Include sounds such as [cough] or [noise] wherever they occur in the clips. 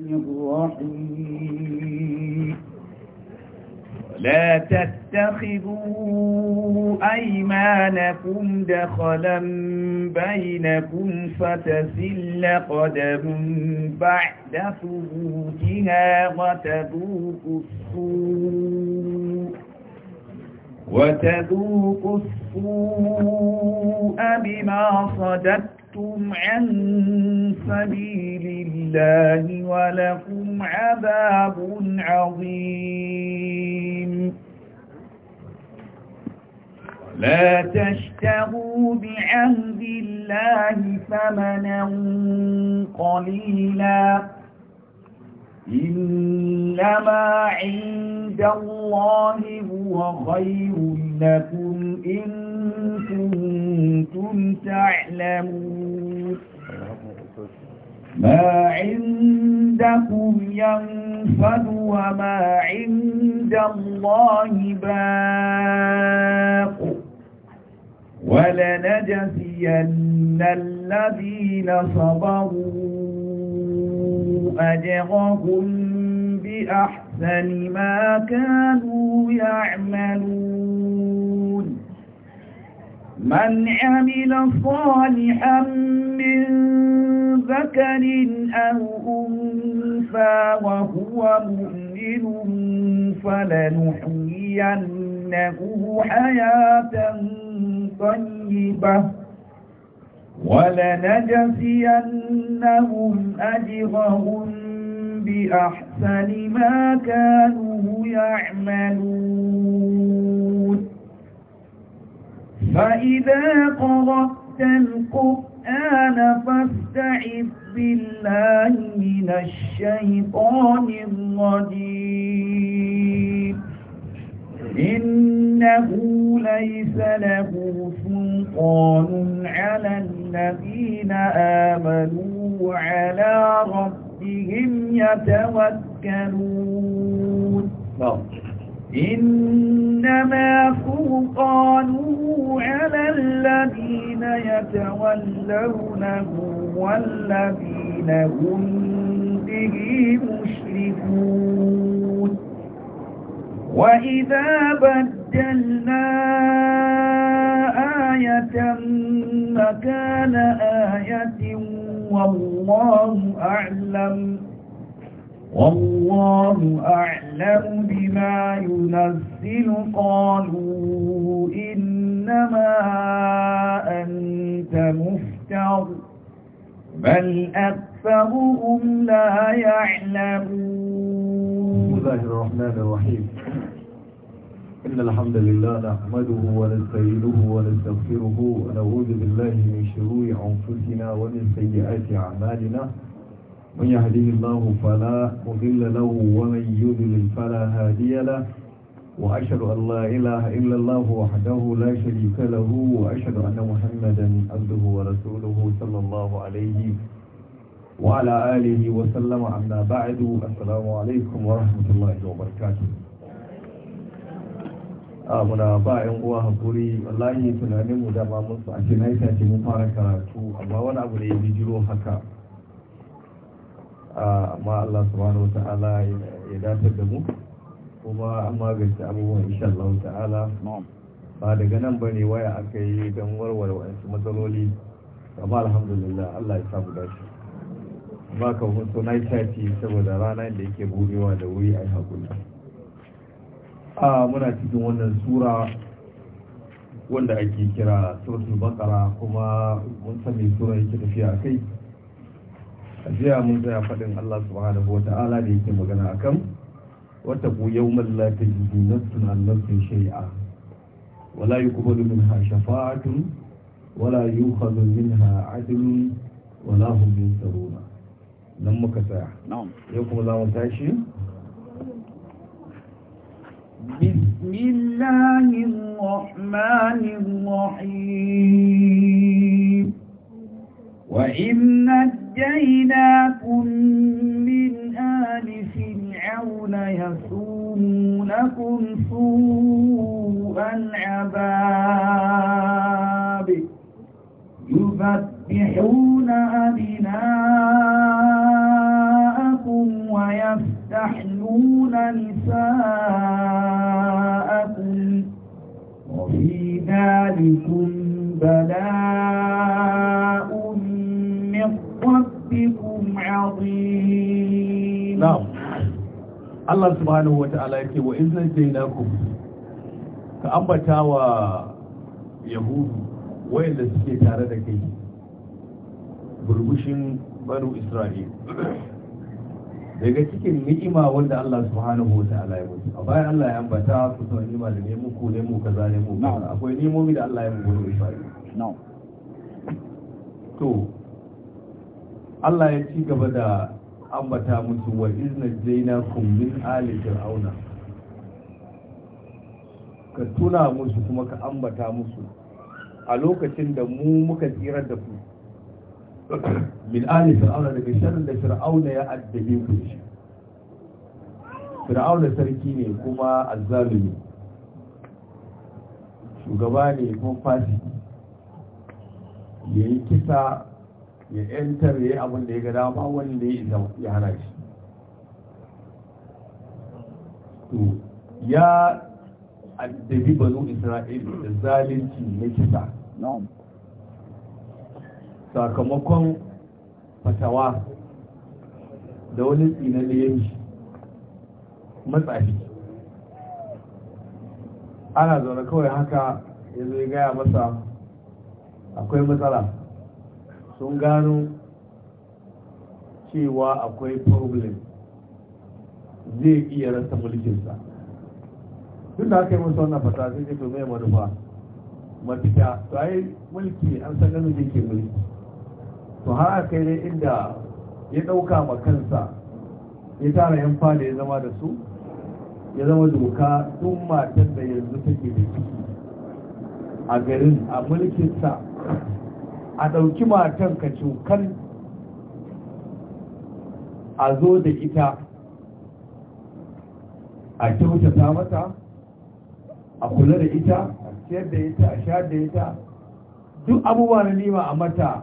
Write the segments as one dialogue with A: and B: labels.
A: الرحيم ولا تتخذوا أيمانكم دخلا بينكم فتزل قدم بعد ثبوتها وتذوق السوء وتذوق السوء بما صددتم صدتم عن سبيل الله ولكم عذاب عظيم لا تشتغوا بعهد الله ثمنا قليلاً إنما عند الله هو خير لكم إن كنتم تعلمون ما عندكم ينفد وما عند الله باق ولنجزين الذين صبروا أجرهم بأحسن ما كانوا يعملون من عمل صالحا من ذكر أو أنثى وهو مؤمن فلنحيينه حياة طيبة ولنجزينهم أجرهم بأحسن ما كانوا يعملون فإذا قرأت القرآن فاستعذ بالله من الشيطان الرجيم إنه ليس له سلطان على الذين آمنوا وعلى ربهم يتوكلون نعم. إنما سلطانه على الذين يتولونه والذين هم به مشركون وإذا بدلنا آية مكان آية والله أعلم والله أعلم بما ينزل قالوا إنما أنت مفتر بل أكثر أكثرهم لا يعلمون بسم
B: الله الرحمن الرحيم إن الحمد لله نحمده ونستعينه ونستغفره ونعوذ بالله من شرور أنفسنا ومن سيئات أعمالنا من يهديه الله فلا مضل له ومن يضلل فلا هادي له وأشهد أن لا إله إلا الله وحده لا شريك له وأشهد أن محمدا عبده ورسوله صلى الله عليه وسلم وعلى آله وسلم عما بعد السلام عليكم ورحمة الله وبركاته a muna ba yan uwa hakuri wallahi tunanin mu dama mun su a ce mun fara karatu amma wani abu ne ya bijiro haka amma Allah ta'ala ya datar da mu kuma an magance abubuwan insha Allah ta'ala ba daga nan bane waya aka yi don warware wasu matsaloli amma alhamdulillah Allah ya samu dace ba ka hoto na shafi saboda ranar da yake burewa da wuri a hakuri a muna cikin wannan sura wanda ake kira sautin bakara kuma mun sami sura yake tafiya a kai a jiya mun tsaya faɗin allah subhanahu wa ta'ala da yake magana a kan wata ku yau jiki na sunan shari'a wala yi kuma min ha shafa'atun wala yi minha adilun wala tsaro yunsaruna nan muka tsaya yau kuma za mu tashi
A: بسم الله الرحمن الرحيم وإن نجيناكم من آل فرعون يسومونكم سوء العذاب يذبحون أبناءكم ويستحلون نساءكم وفي ذلكم بلاء من ربكم عظيم نعم
B: الله سبحانه وتعالى يكي وإذن زيناكم كأنبتاوى يهود وإذا سكي تاردكي burbushin banu isra'il daga cikin ni'ima wanda Allah subhanahu wata'ala ya mutu a bayan Allah ya ambata ku sau ni'ima da nemo ku nemo kaza nemo kaza akwai nemomi da Allah ya mutu da ishari to Allah ya ci gaba da ambata musu wa izna zaina kum min ali fir'auna ka tuna musu kuma ka ambata musu a lokacin da mu muka tsira da ku min ali fir'auna daga sharrin da fir'auna ya addabe ku shi fir'auna sarki ne kuma azzalumi shugaba ne kuma fasiki ya yi kisa ya yantar ya yi abin da ya ga dama wanda ya isa ya hana shi ya addabi banu isra'il da zalunci na kisa sakamakon fatawa da wani tsinan yanki matsafi ana zaune kawai haka ya zai gaya masa akwai matsala sun gano cewa akwai problem zai iya rasa mulkinsa duk da aka yi masa wannan fata sai ce to mai manufa mafita to ai mulki an san ganin ke mulki to har aka kai dai inda ya ɗauka ma kansa ya tara yan fada ya zama da su ya zama doka duk matan da yanzu take da ciki a garin a mulkinsa a ɗauki matan ka cokan a zo da ita a kyautata mata a kula da ita a ciyar da ita a sha da ita duk abubuwa na nima a mata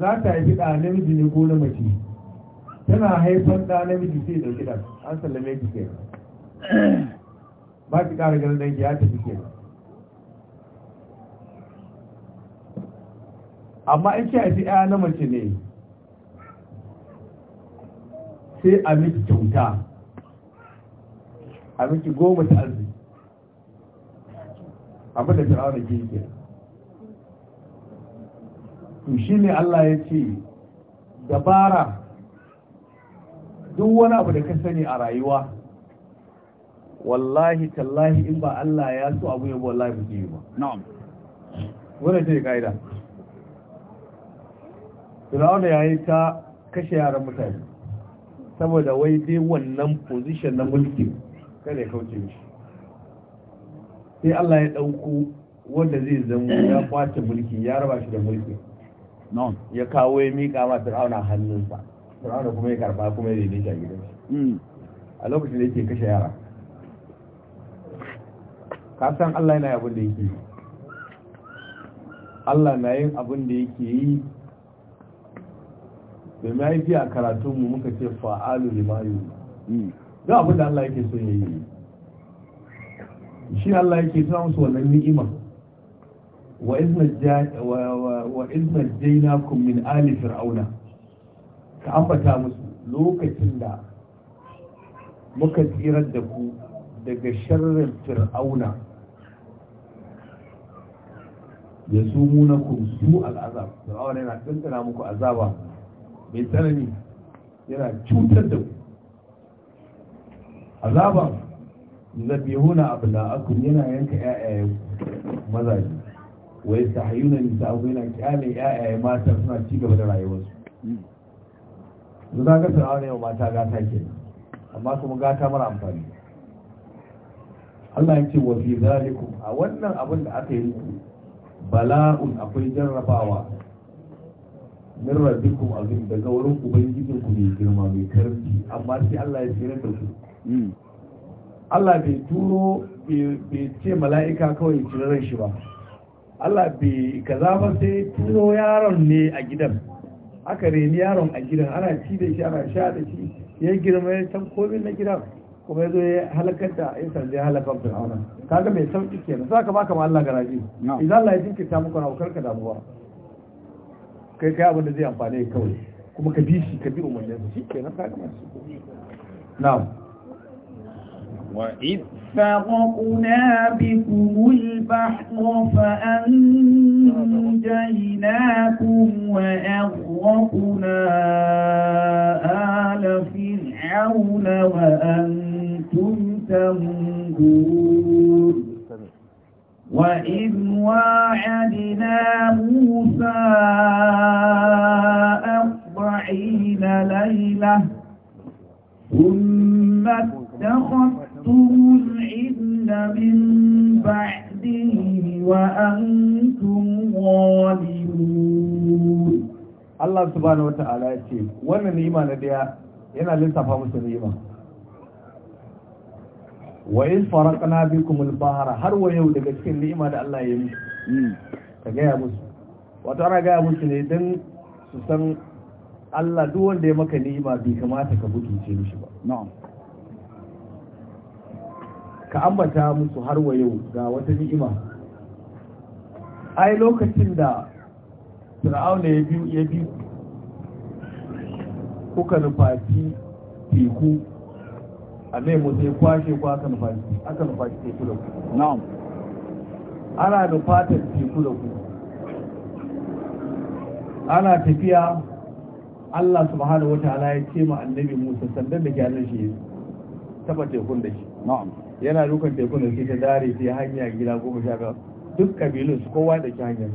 B: za ta yi fiɗa namiji ne ko na mace tana haifar ɗa namiji sai da ɗan an sallame ki ke ba ki ƙara ganin ɗanki ya tafi ke amma in ki haifi ɗaya na mace ne sai a miki kyauta a miki goma ta arziki abin da fir'auna ke yi kenan to shi ne Allah ya ce dabara duk wani abu da ka sani a rayuwa wallahi tallahi in ba Allah ya so abu yabo wallahi ba yi ba na'am wannan ce kaida Firawun da yayi ta kashe yaran mutane saboda wai dai wannan position na mulki kada ya kauce shi sai Allah ya dauko wanda zai zama ya kwace mulki ya raba shi da mulki ya kawo ya mika ma fir'auna hannunsa fir'auna kuma ya karba kuma ya daidaita gidan shi mm. a lokacin da yake kashe yara ka san Allah yana abin da yake yi Allah na yin abin da yake yi da mahaifi a karatunmu muka ce fa'alu limayu mm. don abin da Allah yake so ya yi shi Allah yake sa su wannan ni'imar wa iznar jaina fir'auna ka ambata musu lokacin da muka tsira da ku daga sharrin fir'auna ya su munakun su al'azab fir'auna yana tsantsana muku azaba mai tsanani yana cutar da ku azaban zabihuna abu da akun yana yanka 'ya'yayen mazaje wai ta hayuna nisa abu yana kyale yayaye mata suna ci gaba da rayuwarsu su za ka sana'a ne mata gata ke amma kuma gata mara amfani Allah ya ce wa fi zalikum a wannan abin da aka yi muku bala'un akwai jarrabawa min rabbikum azim daga wurin ubangijin ku ne girma mai karfi amma sai Allah ya tsira da ku hmm. Allah bai turo bai ce mala'ika kawai cire shi ba Allah bi kaza ba sai tuno yaron ne a gidan aka reni yaron a gidan ana ci da shi ana sha da shi ya girma ya san komai na gidan kuma ya zo ya halakar da ya sanje halakar fir'auna kaga mai sauki kenan za ka baka ma Allah garaji idan Allah ya jinkirta muku na ka damuwa kai kai abin da zai amfane kawai kuma ka bi shi ka bi umarni shi kenan kaga masu
A: na'am وإذ فرقنا بكم البحر فأنجيناكم وأغرقنا آل فرعون وأنتم تنظرون وإذ واعدنا موسى أربعين ليلة ثم اتخذ تُورِثُوا الْعِلْمَ مِنْ بَعْدِهِ وَأَنْتُمْ ظَالِمُونَ
B: Allah subhanahu wata'ala ya ce wannan ni'ima na daya yana lissafa musu ni'ima wa in faraqna bikum al-bahra har wa yau daga cikin ni'ima da Allah ya yi ka gaya musu wato ana gaya musu ne don su san Allah duk wanda ya maka ni'ima bai kamata ka mutunce mishi ba na'am ka ambata musu har wa yau ga wata ni'ima ai lokacin da fir'auna ya biyu ya biyu kuka nufaci teku a mai mutu ya kwashe ku aka nufaci aka nufaci teku da ku na'am ana nufatar teku da ku ana tafiya Allah subhanahu ala ya ce ma annabi Musa sandan da ke hannun shi taba tekun da shi na'am yana dukan tekun da suke dare sai hanya gida goma sha biyar duk kabilun su kowa da ke hanyar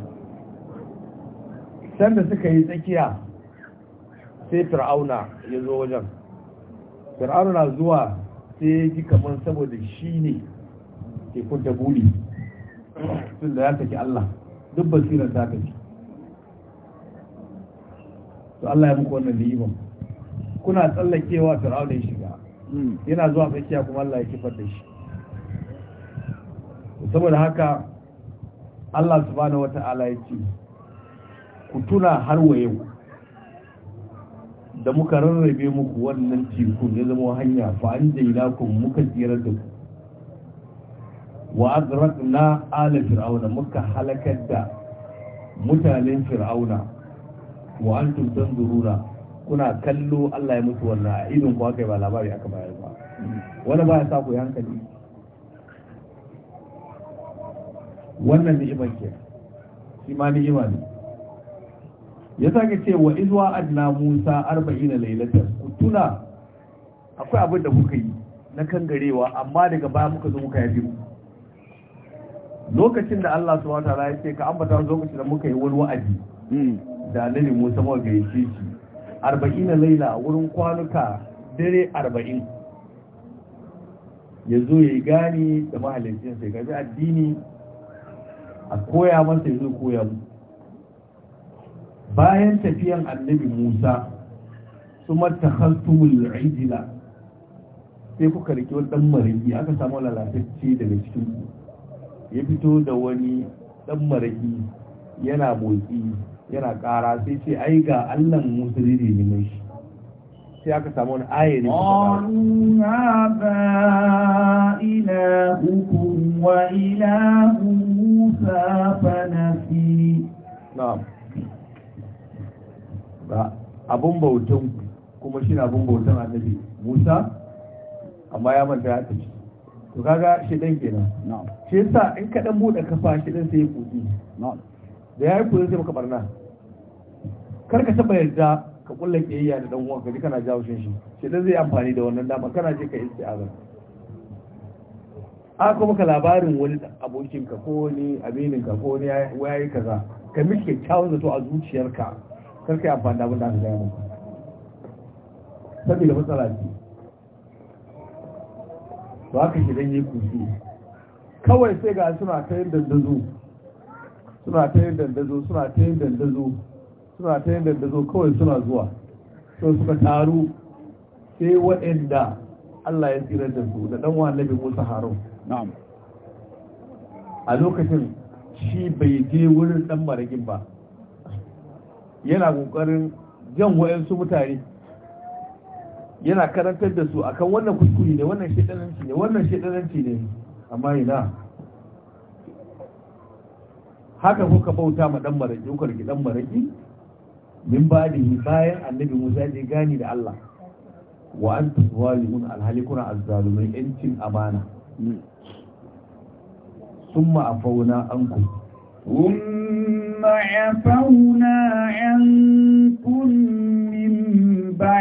B: da suka yi tsakiya sai fir'auna ya zo wajen fir'auna zuwa sai ya ji kamar saboda shi ne tekun ta buri tun da ya saki Allah duk basirar ta tafi to Allah ya muku wannan liman kuna tsallakewa fir'auna ya shiga hmm. yana zuwa tsakiya kuma Allah ya kifar da shi saboda haka Allah subhanahu wata'ala ya ce ku tuna har wa yau da muka rarrabe muku wannan teku ya zama hanya fa an jaina ku muka tsira da ku wa azraqna ala fir'auna muka halakar da mutanen fir'auna wa antum tanzuruna kuna kallo Allah ya mutu wannan idan ku aka yi ba labari aka bayar ba wani ba ya sa ku hankali wannan ni'imar ke shi ma ni'ima ne ya sake ce wa izwa adna musa na lailatar ku tuna akwai abin da kuka yi na kangarewa amma daga baya muka zo muka yafi mu lokacin da Allah subhanahu wataala ya ce ka ambata lokacin da muka yi wani wa'adi hmm. da annabi Musa ma ga yace shi 40 laila wurin kwanuka dare arba'in. Ya zo yayi gani da mahallin sai ga addini a koya masa yanzu zo koya mu bayan tafiyan annabi musa su mata haltumul ijila sai kuka rike wani dan maragi aka samu lalatacce daga cikin ya fito da wani dan maragi yana motsi yana kara sai ce ai ga allan musa ne mai shi sai aka samu wani ayari
A: ba ila hukum wa ila musa fanafi na'am
B: ba abun bautan kuma shi na abun bautan annabi musa amma ya manta ya tafi to kaga shi dan kenan na'am shi yasa in ka dan bude kafa shi dan sai ya kudi na'am da yayi kudi sai maka barna karka taba yarda ka kulle kiyayya da dan ka ji kana jawo shin shi sai dan zai amfani da wannan dama kana je ka isti'azar a ko maka labarin wani abokin ka ko ni aminin ka ko ni yayi kaza ka mishi kyakkyawan zato a zuciyarka kar kai amfani da abin da aka gaya maka saboda matsala ce to haka shi dan yi kusi kawai sai ga suna ta yin dandazo suna ta yin dandazo suna ta yin dandazo suna ta yadda da zo kawai suna zuwa to suka taru sai waɗanda Allah ya tsira da su da ɗan labin Musa Harun na'am a lokacin shi bai je wurin ɗan maragin ba yana ƙoƙarin jan waɗansu mutane yana karantar da su akan wannan kuskure ne wannan shedananci ne wannan shedananci ne amma ina haka kuka bauta ma ɗan maraki kuka riki ɗan maraki min ba da bayan annabi musa ya gane gani da Allah wa an tuzalimun alhalikuna azzalumin yancin amana sun ma'afauna anku.
A: Umma ya fauna ‘yan kullum ba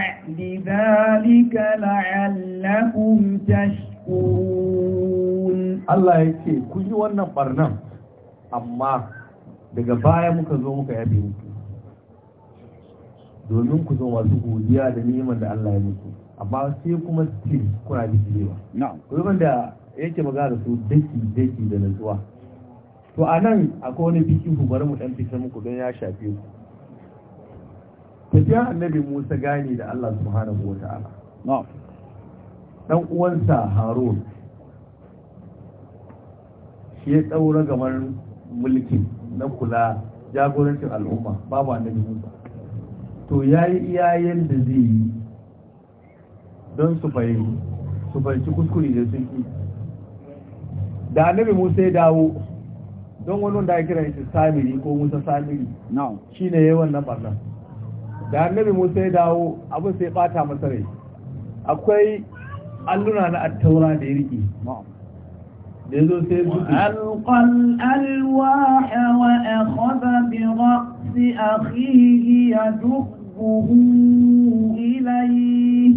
A: zalika la’allakun tashkun.
B: Allah ya ce, Kun yi wannan ɓarnan, amma daga baya muka zo muka yabe muku. domin ku zo masu godiya da neman da Allah ya muku amma sai kuma still kuna bijirewa na'am kuma da yake magana da su daki daki da nutsuwa to a nan akwai wani biki ku bari mu dan fitar muku don ya shafe ku tafiya annabi Musa gani da Allah subhanahu wataala na'am dan uwansa Harun shi ya tsaura gamar mulki na kula jagorancin al'umma babu annabi Musa to ya yi iyayen da zai yi don su fahimci kuskure da sun yi da annabi musa ya dawo don wani wanda ya kira shi samiri ko musa samiri shi ne yawan nan barna da annabi musa ya dawo abin sai bata masa rai akwai alluna na attaura da ya riƙe وألقى
A: الألواح وأخذ برأس ya duk ربه إليه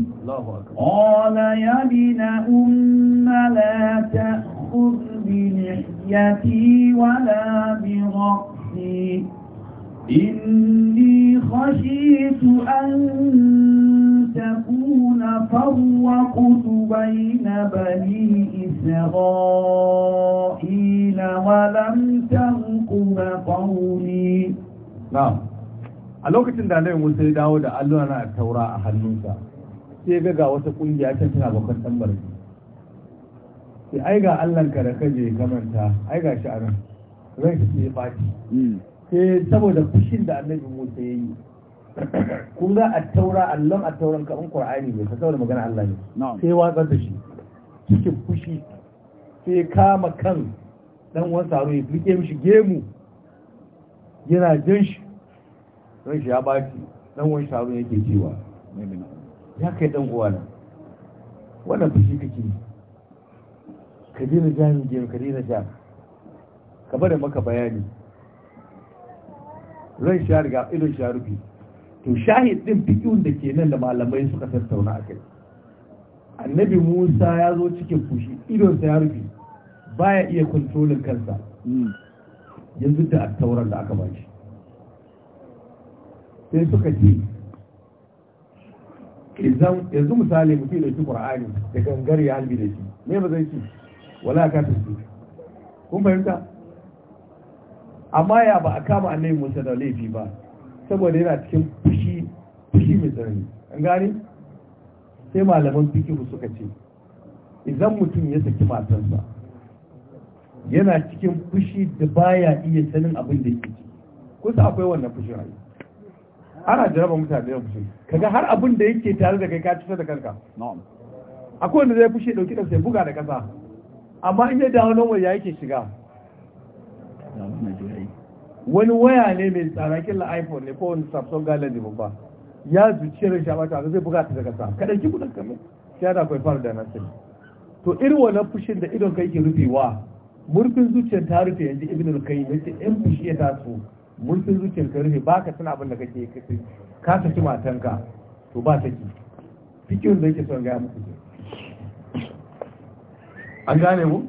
A: قال يا ابن أم لا تأخذ بلحيتي ولا برأسي إني خشيت أن تكون فرقت بين بني إسرائيل ولم تنقب قولي
B: نعم a lokacin da annabi musa ya dawo da allura na taura a hannunsa sai ga ga wata kungiya can tana bakon tambar sai ai ga ka da kaje ka manta ai ga shi nan. ran shi ya faci mm. sai saboda fushin da annabi musa ya yi kun ga a taura allon a tauran ka in qur'ani ne ka saboda magana allah ne sai watsar da shi cikin fushi sai kama kan dan wani saro ya fike mishi gemu yana jin shi don shi ya baci dan wani sharon yake cewa ya kai dan uwana wannan fushi kake ka daina jami jami ka daina jami ka bada maka bayani ran sha riga idon shi ya rufe to shahid din fikiyun da ke nan da malamai suka tattauna a kai annabi musa ya zo cikin fushi sa ya rufe baya iya kwantolin kansa hmm. yanzu da tauran da aka bashi sai suka ce yanzu misali mutum da shi ƙur'ani da gangar ya halbi da shi ne ba zai ci wala ka tafi kun fahimta amma ya ba a kama annabi musa da laifi ba saboda yana cikin fushi fushi mai tsanani an gani sai malaman fikihu suka ce idan mutum ya saki matansa yana cikin fushi da baya iya sanin abin da yake ciki kusa akwai wannan fushin rayu ana jaraba mutane da fushi kaga har abin da yake tare da kai ka cutar da kanka akwai wanda zai fushi dauki sai buga da kasa amma in ya dawo nan waya yake shiga wani waya ne mai tsara killa iphone ne ko wani samsung galaxy babba ya zuciyar rashin ta zai buga ta da kasa ka ki kudin ka mai sai da kai fara da nan sai to irin wannan fushin da idon kai ke rufewa murfin zuciyar ta rufe yanzu ibn al-qayyim yace in fushi ya taso mulkin zuciyar ka rufe baka tana abin da kake kace ka saki matanka to ba saki fikin da yake son ga muku an gane mu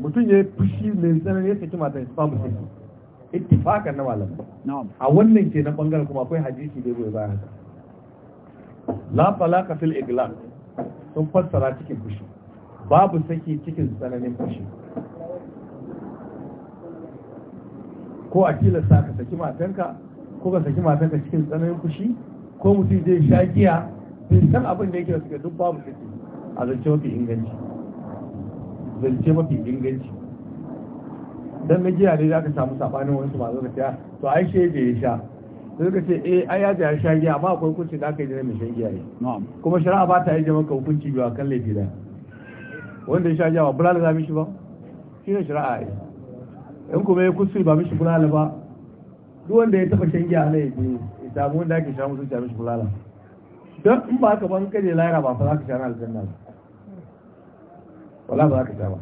B: mutum ya fushi mai tsanani ya saki matan ba mu saki ittifakan na malam a wannan ke na bangaren kuma akwai hadisi da goyi bayan haka la falaka fil iglaq sun fassara cikin fushi babu saki cikin tsananin fushi ko a tilasta ka saki matanka ko ka saki matanka cikin tsananin fushi ko mutum zai sha giya bin san abin da yake da suka duk babu ce a zance mafi inganci zance mafi inganci dan na giya dai za ka samu sabanin wasu masu ka tsaya to ai shi da ya sha sai ka ce eh ai ya da sha giya amma akwai hukunci da aka yi da mai shan giya ne kuma shari'a ba ta yi da maka hukunci biyu a kan laifi da wanda ya sha giya ba bulala za shi ba shi ne shari'a ai in kuma ya kusuri ba mishi kulala ba duk wanda ya taba shan giya na ya ya samu wanda ake sha musu ta mishi kulala don in ba ka ban ne laira ba fa za ka sha na aljanna ba wala ba za ka sha ba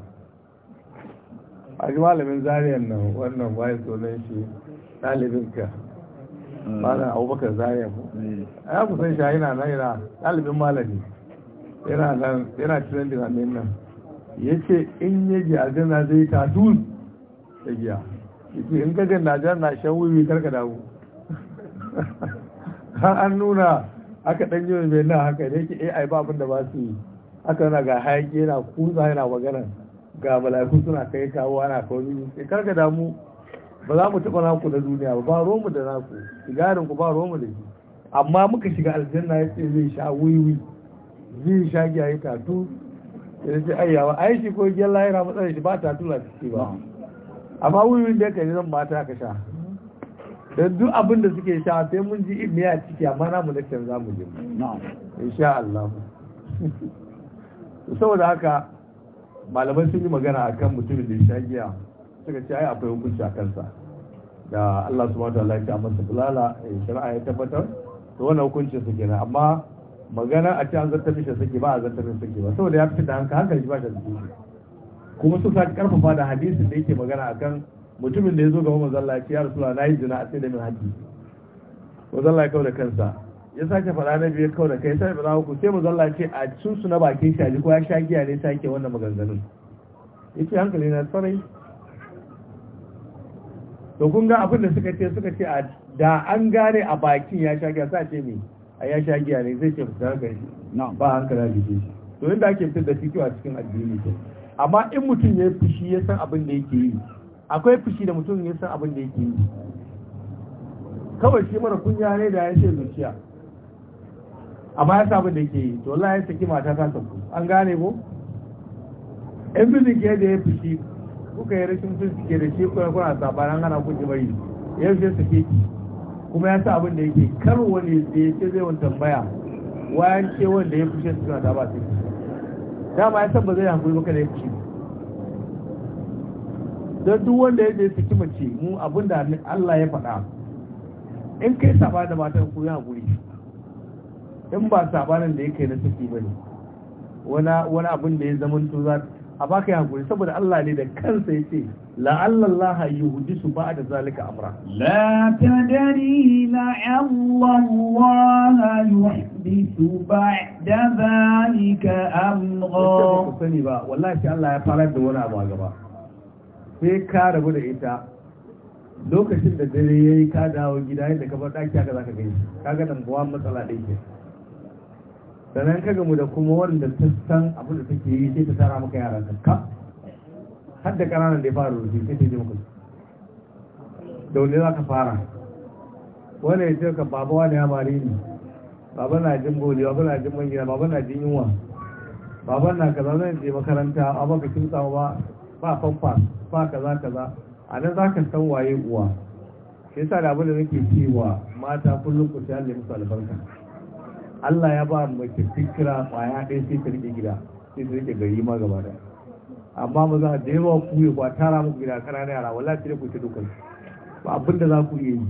B: a ji malamin zariyan nan wannan bayan sunan shi ka malam abubakar zariyan mu eh. ya kusan sha yana nan yana ɗalibin malami yana nan yana cikin dinamin nan ya ce in yaji aljanna zai ta tun da giya yake in kaga jan na shan wiwi karka damu ha an nuna aka ɗan yi mai na haka ne ki ai ba abin da ba su yi aka na ga hayaki yana kusa yana magana ga mala'iku suna kai kawo ana kawo sai karka damu ba za mu taɓa naku da duniya ba ba romu da naku sigarin ku ba romu da shi amma muka shiga aljanna ya ce zai sha wiwi zai sha giya ya tatu ya ce ayyawa ai shi ko gyalla yana matsayin shi ba tatu na ciki ba amma wuyoyin da kai zan mata ka sha da duk abin da suke sha sai mun ji ibni a ciki amma mu lakcin za mu ji insha Allah [laughs] saboda haka malaman sun yi magana akan mutumin da ya sha giya suka ce ai akwai hukunci a kansa da Allah subhanahu wa ta'ala ya masa bulala shari'a ya tabbatar to wannan hukuncin su kenan amma magana a can an zartar da shi sake ba a zartar da sake ba saboda ya fita da hankali hankali ba da da kuma suka karfafa da hadisin da yake magana akan mutumin da ya zo gaba zalla ya ya na yi zina a sai da min hajji. mazalla ya kau da kansa ya sake faɗa na biyu kau da kai sai bala ku sai mazalla ce a cin su na bakin shaji ko ya sha giya ne sake wannan maganganun Ya ce hankali na sarai to kun ga abin da suka ce suka ce a da an gane a bakin ya sha giya sa ce me a ya sha giya ne zai ce fitar hankali ba hankali a jiki to inda ake fitar da fikiyo a cikin addini ke amma in mutum ya fushi ya san abin da yake yi akwai fushi da mutum ya san abin da yake yi kawai shi mara kunya ne da ya ce zuciya amma ya abin da yake yi to Allah ya saki mata ta sauku an gane ko in bincike da ya fushi kuka yi rashin suke da shi kuna kuna sabanin hana kuke bari ya fi su ke kuma ya sa abin da yake kar wani da ya ce zai wani tambaya wayan ce wanda ya fushe suna ta ba su dama ya san ba zai hankuri maka da ya fushi don duk wanda ya je saki mace mu abin da Allah ya faɗa in kai saba da matan ku ya hankuri in ba sabanin da ya kai na saki ba ne wani abin da ya to za ta a baka ya saboda Allah ne da kansa yace la'alla Allah yuhdisu da zalika amra
A: la tadri la'alla Allah yuhdisu ba'da zalika amra ba
B: sani ba wallahi sai Allah ya fara da wani abu a gaba sai ka rabu da ita lokacin da dare yayi ka dawo gida yadda ka bar aka za zaka gani ka ga buwan matsala ɗin sannan ka gamu da kuma wanda ta san abin da take yi sai ta tara maka yaran ka kaf har da ƙananan da ya fara rufi sai ta yi maka da wani za ka fara Wani ya ce ka baba wani ya mare ni baba na jin boli baba na jin mangina baba na jin yunwa baba na kaza zan je makaranta a baka kin tsawa ba fanfa ba kaza kaza a nan za ka san waye uwa shi yasa da abin da nake cewa mata kullum ku ci Allah musu albarka Allah ya ba mace fikira kwaya ɗaya sai ta rike gida sai ta rike gari ma gaba da amma ba za a da yawa ku yi ba tara muku gida kana yara wallahi sai ku ci dukan ba abin da za ku iya yi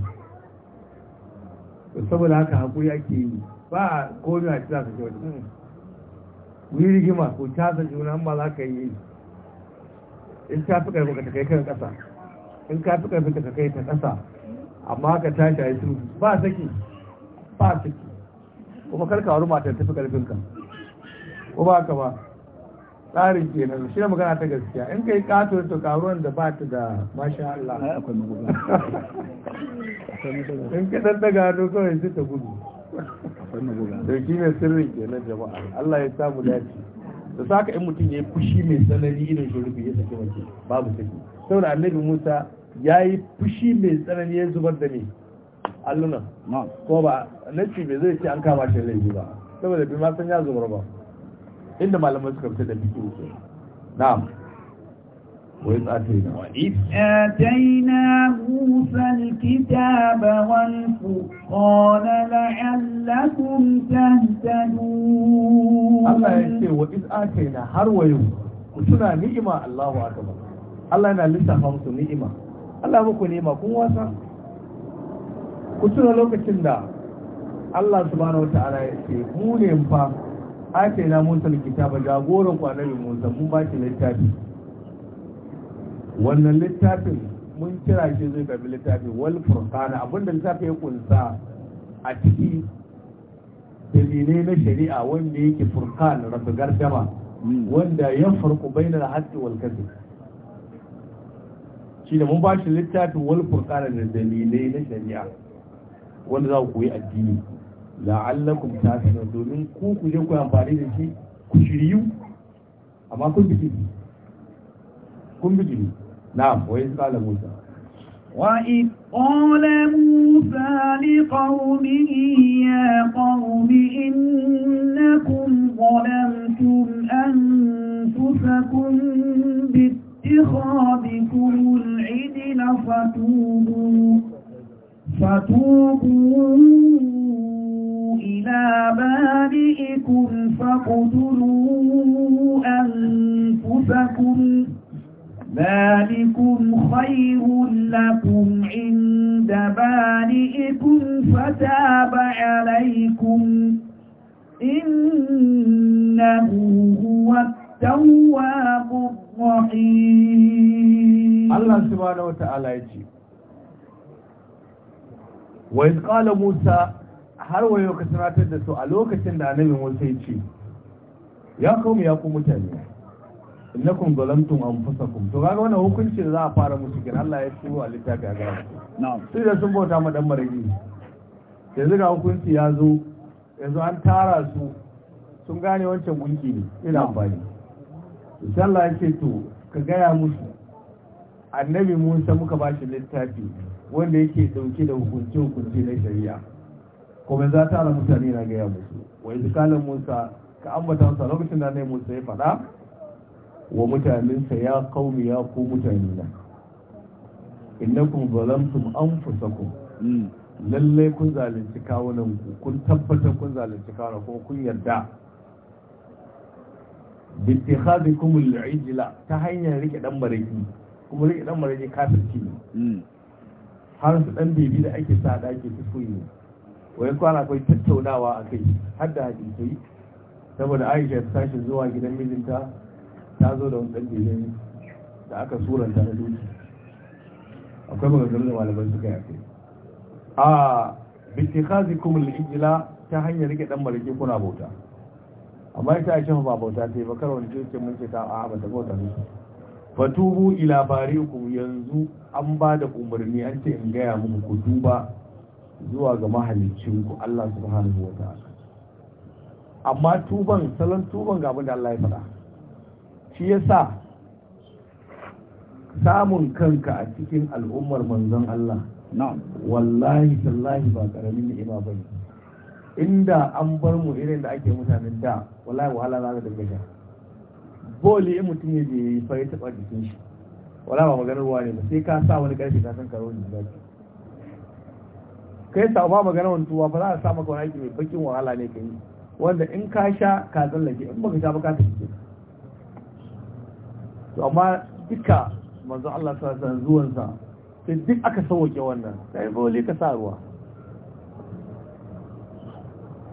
B: saboda haka hakuri ake yi ba ko ne a ci za ka ce wani ku yi rigima ku casa juna amma za ka yi in ta fi karfi ka kai kan ƙasa in ka fi karfi ka kai ta ƙasa amma ka tashi a yi ba saki ba saki kuma karka wani mata tafi ka ko ba ka ba tsarin kenan shi ne magana ta gaskiya in kai kato to karuwan da ba ta da masha Allah [laughs] in ka dan daga hannu kawai sai ta gudu to shi ne sirrin kenan jama'a Allah ya samu dace da saka in mutum ya yi fushi mai tsanani irin shurubi ya sake wace babu sake saboda annabi Musa ya yi fushi mai tsanani ya zubar da ni. allunan ko ba bai zai ce an kama shi laifi ba saboda bi ma san ya zubar ba inda malamai suka fita da fiki wuce na'am وإذ آتينا وإذ
A: آتينا موسى الكتاب والفرقان لعلكم تهتدون الله ya
B: وإذ آتينا هر ويوم كنا نعمة الله أكبر الله أنا لسه خمس نعمة Allah muku nema kun wasa ku tuna lokacin da Allah subhanahu wata'ala ya ce mu ne fa ake na Musa kitaba jagoran kwanarin Musa mun ba shi littafi wannan littafin mun kira shi zai gabi littafi wal furqana abinda littafi ya kunsa a ciki dalilai na shari'a wanda yake furqan rabu gardama wanda ya farko bainar haqqi wal kadhib shi da mun ba shi littafin wal furqana da dalilai na shari'a wanda za ku koyi addini la'allakum tafiya domin ku ku je ku amfani da shi ku shiryu amma kun biki kun biki na'am wa yasa tsala musa
A: wa in qala musa li qaumihi ya qaumi innakum zalamtum anfusakum bi اتخاذكم العجل fatubu فتوبوا إلى بارئكم فاقتلوا أنفسكم ذلكم خير لكم عند بارئكم فتاب عليكم إنه هو التواب الرحيم الله سبحانه وتعالى يجيب
B: Wai iz musa har wayo ka sanatar da su a lokacin da annabi musa ya ce ya kawo ya ku mutane innakum zalamtum anfusakum to kaga wannan hukunci da za a fara musu kin Allah ya tsoro a littafi a ga na'am sai da sun bauta ma dan marigi yanzu ga hukunci ya zo yanzu an tara su sun gane wancan gunki ne ina amfani insha Allah yake to ka gaya musu annabi musa muka ba shi littafi wanda yake dauke da hukunce-hukunce na shari'a kuma za ta ala mutane na gaya musu wa yanzu kalin musa ka ambata sa lokacin da nai musa ya faɗa wa mutanensa ya kaumi ya ku mutane na innakum zalamtum anfusakum hmm. lallai kun zalunci kawunan ku kun tabbatar kun zalunci kawunan kuma kun yarda
A: bittikhadikum
B: al-ijla ta hanyar rike dan bariki kuma rike dan maraje kafirci ne hmm. har su dan bebi da ake sa da ake kuskure ne wai kwana akwai tattaunawa a kai har da hadisai saboda aisha ta tashi zuwa gidan mijinta ta zo da wani dan bebi da aka suranta na doki akwai maganganu da malaman suka yafe a Kazi kuma ijila ta hanyar rike dan marike kuna bauta amma ita aisha ba bauta ta yi ba karo wani ce mun ce ta a ba ta bauta ne fatubu ila bariku yanzu an ba da umarni an ce in gaya muku ku duba zuwa ga mahalicinku Allah subhanahu wa ta'ala amma tuban salon tuban ga abin da Allah ya faɗa shi yasa samun kanka a cikin al'ummar manzon Allah Na'am. wallahi sallahi ba karamin ni'ima bane inda an bar mu irin da ake mutanen da wallahi wahala za ta dinga boli in mutum ya je ya fara taɓa jikin shi wala ba maganar ruwa ne ba sai ka sa wani karfi ka san karo ne ba kai sa ba maganar wani tuwa ba za a sa maka wani aiki mai bakin wahala ne ka yi wanda in ka sha ka tsallake in baka sha ba ka tafi to amma duka manzo Allah sa sa zuwan sa sai duk aka sauke wannan sai boli ka sa ruwa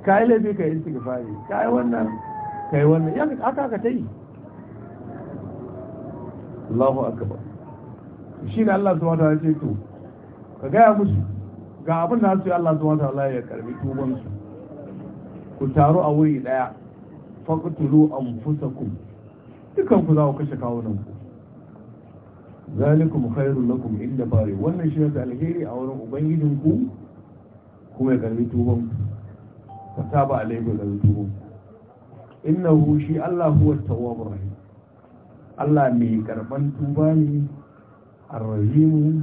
B: kai laifi kai istighfari kai wannan kai wannan ya aka ka ta yi Allahu akbar shi ne Allah subhanahu wa ta'ala ce to ka gaya musu ga abin da su yi Allah subhanahu wa ta'ala ya karbi tubansu ku taru a wuri daya faqtulu anfusakum dukan ku za ku kashe kawunan ku zalikum khairul lakum inda bari wannan shi ne alheri a wurin ubangijin ku kuma ya karbi tuban ku fataba alaikum da tuban innahu shi Allah huwa at-tawwabur rahim الله mai karban tuba الرجيم arrazimu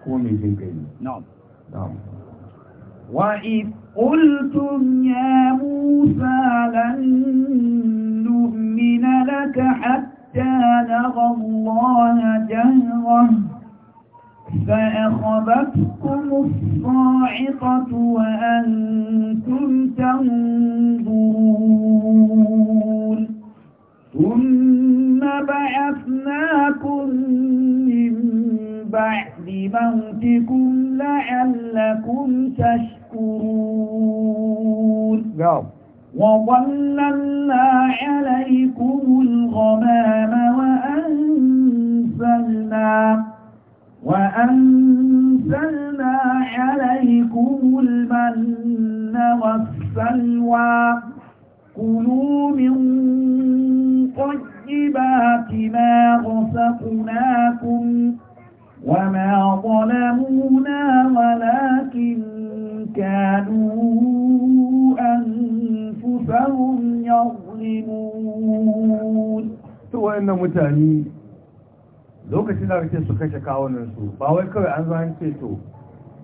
B: ko mai نعم kai
A: وَإِذْ قُلْتُمْ يَا مُوسَىٰ لَن نُّؤْمِنَ لَكَ حَتَّىٰ نَرَى اللَّهَ جَهْرَةً فَأَخَذَتْكُمُ الصَّاعِقَةُ وَأَنتُمْ تَنظُرُونَ ثم بعثناكم من بعد موتكم لعلكم تشكرون نعم وظللنا عليكم الغمام وأنزلنا وأنزلنا عليكم المن والسلوى كلوا بما رزقناكم وما ظلمونا ولكن كانوا أنفسهم يظلمون
B: وإن متاني lokacin da kake su kashe kawunan su ba kawai an zo an ce to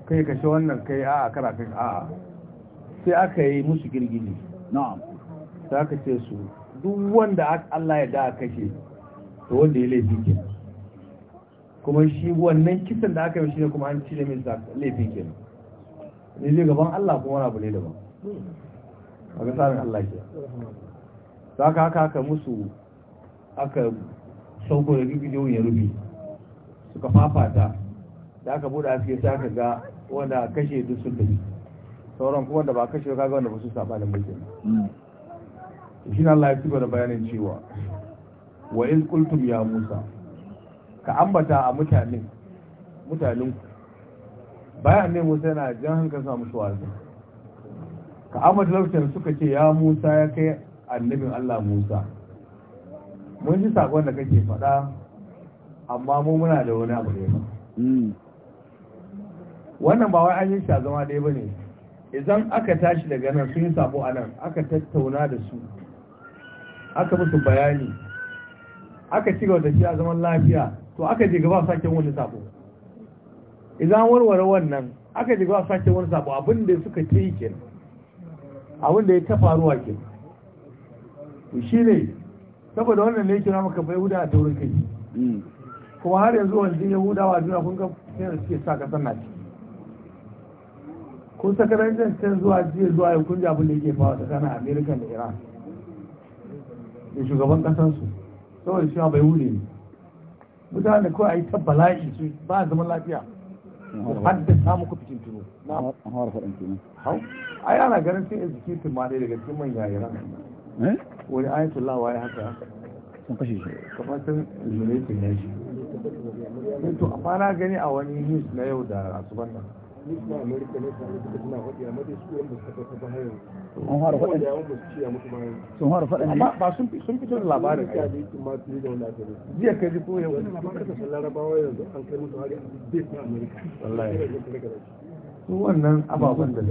B: kai wannan kai a'a kana kai a'a sai aka yi musu girgiji na'am sai aka ce su duk wanda Allah ya da kashe da wanda ya laifin ke kuma shi wannan kisan da aka yi shi ne kuma an cire da laifin ke ne zai gaban Allah kuma wani abu ne daban a ga tsarin Allah ke za ka haka aka musu aka sauko da gidiyon ya rubi suka fafata da aka buɗe aske sai aka ga wanda kashe duk sun tafi sauran kuma da ba kashe ga wanda ba su saba da mulkin hmm. shi na Allah ya ci da bayanin cewa wa in qultum ya Musa ka ambata a mutanen mutanen ku bayan ne Musa yana jan hankali sa musu wazi ka ambata lokacin suka ce ya Musa ya kai annabin Allah Musa mun ji sakon da kake faɗa amma mu muna da wani abu ne mm. wannan ba wai an yi shi a zama ɗaya bane idan aka tashi daga nan sun yi sabo a nan aka tattauna da su aka musu bayani aka ci gaba da shi a zaman lafiya to aka je gaba sake wani sabo idan warware wannan aka je gaba sake wani sabo abin da suka ce yake abin da ya ta faruwa ke shi ne saboda wannan ne kira maka bai huda a taurin kai mm. kuma har yanzu wanzu wa duniya kun ga yana suke sa kasar ce kun saka rancen can zuwa jiya zuwa yankun abin da yake fawa tsakanin amerika da iran da shugaban kasansu kawai shi bai wule ne mutane ko a yi tabbala bala'i su ba a zaman lafiya hadda samu ku cikin tuno na hawar faɗin tuno hau yi ana ganin sai executive ma dai daga cikin manya iran eh? wani ayatollah ya haka sun kashe shi kamar sun zure ne shi eh, to a fara gani a wani news na yau da asubar nan ni amurka ne sami suka suna faɗi amma dai su yan ba su sun fara faɗin da yawon ba su ciya mutu bayan sun fara faɗin ba sun fito da labarin ya ne da wani jiya ya larabawa yanzu an kai hari a bai wallahi su wannan ababen da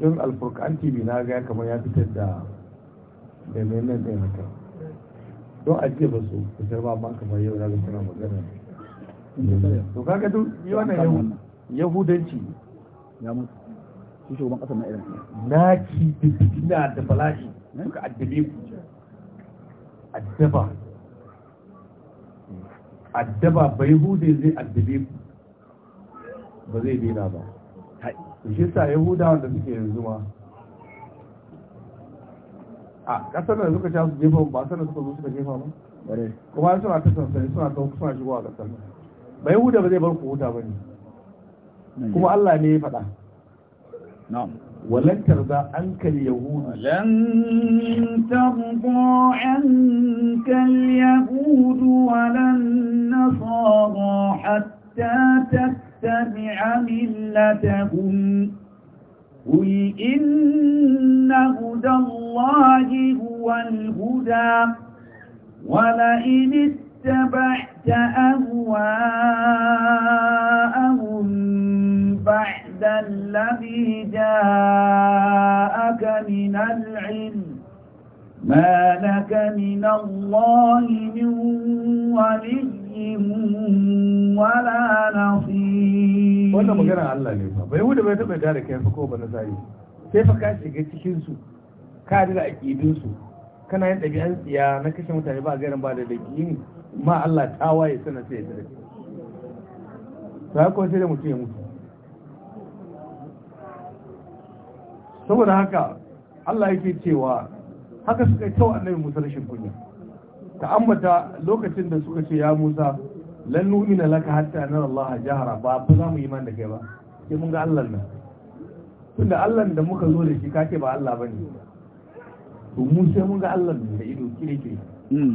B: suke alfurkan tv na ga kamar ya fitar da da mai nan ba su fitar ba kamar yau na ga suna magana to kaga duk wannan yahudanci ya mutu shi shugaban kasar na irin naki da da bala'i suka addabe ku addaba addaba bai hude zai addabe ku ba zai dina ba shi sa yahuda wanda suke yanzu ma a kasar da suka sha su jefa ba sanar suka zo suka jefa ba kuma suna ta sansani suna ta suna shigowa kasar bai huda ba zai bar ku huta ba ne kuma Allah ne ya faɗa walan tarza an kan yahudu
A: walan tarza an kan yahudu walan nasara hatta tattabi'a millatahum قل إن هدى الله هو الهدى ولئن اتبعت أهواءهم بعد الذي جاءك من العلم ما لك من الله من ولي ولا نصير
B: wannan magana Allah ne fa bai wuce bai taɓa da kai fa ko ba na sai sai ka shiga cikin su ka da aqidin kana yin ɗabi'an tsiya na kashe mutane ba a garin ba da daki ne ma Allah tawaye suna sai ya tsira to kawai sai da mutum ya mutu saboda haka Allah yake cewa haka suka kyau annabi Musa rashin kunya ta ambata lokacin da suka ce ya Musa lan nu'mina laka hatta na Allah jahara ba ba za mu iman da kai ba sai mun ga Allah nan tunda Allah da muka zo da shi kake ba Allah bane to mu sai mun ga Allah da ido kirkiri hmm.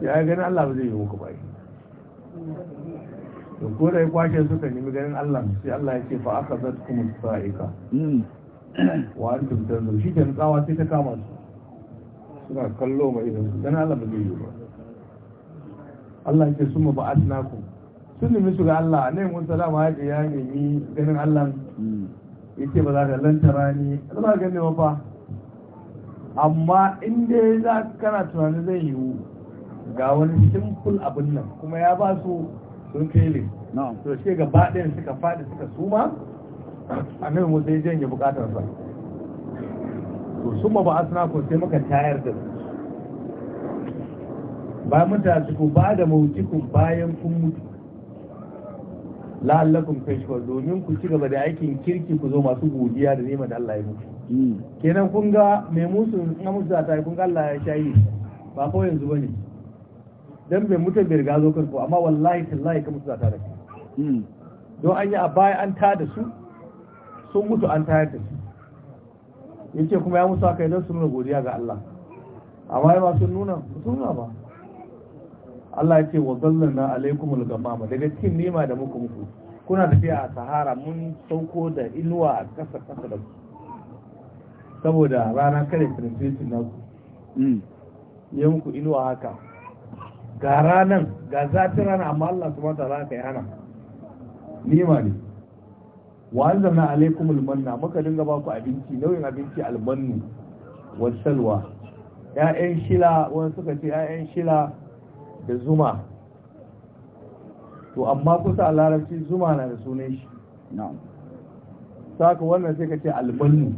B: ya gani Allah ba zai yi muku bai to ko da ya kwashe suka nemi ganin Allah sai Allah ya ce fa aka zata kuma sa'ika hmm. wa antum tumtar shi kan tsawa sai ta kama su suna kallo mai idan su ganin Allah ba zai yi ba Allah ke suma ba asnakum sun nemi su ga Allah ne mun salama ya ce ya nemi ganin Allah hmm. yace ba za ka lantara ni ba za ka nema ba amma in dai za kana tunanin zai yiwu ga wani simple abin nan kuma ya ba su sun fele to shi ga baɗin suka faɗi suka suma a nan wata ya janye bukatar sa to suma ba suna ko sai maka tayar da ba mutane ku ba da ku bayan kun mutu la'allakum tashkur domin ku ci gaba da aikin kirki ku zo masu godiya da neman da Allah ya muku hmm. kenan kun ga mai musu na musu ta kun ga Allah ya shayi ba ko yanzu bane dan bai mutu bai riga zo kanku amma wallahi tallahi ka musu ta da hmm. don an yi a baya an ta da su sun mutu an tayar da su yace kuma ya musu haka idan sun nuna godiya ga Allah amma ya ba sun nuna sun nuna ba Allah ya ce wa alaikum alaikumul gamama daga cikin nima da muku muku kuna tafiya a sahara mun sauko da inuwa a kasar ƙasa da saboda rana kare penetration na ku mm. ya muku inuwa haka ga ranan ga zafin rana amma Allah su mata za ka yi hana nima ne wa alaikum al manna muka dinga ba ku abinci nauyin abinci almannu wa salwa ya'yan shila wani suka ce ya'yan shila da zuma to amma kusa a larabci zuma na da sunan shi saka wannan sai ka ce albannu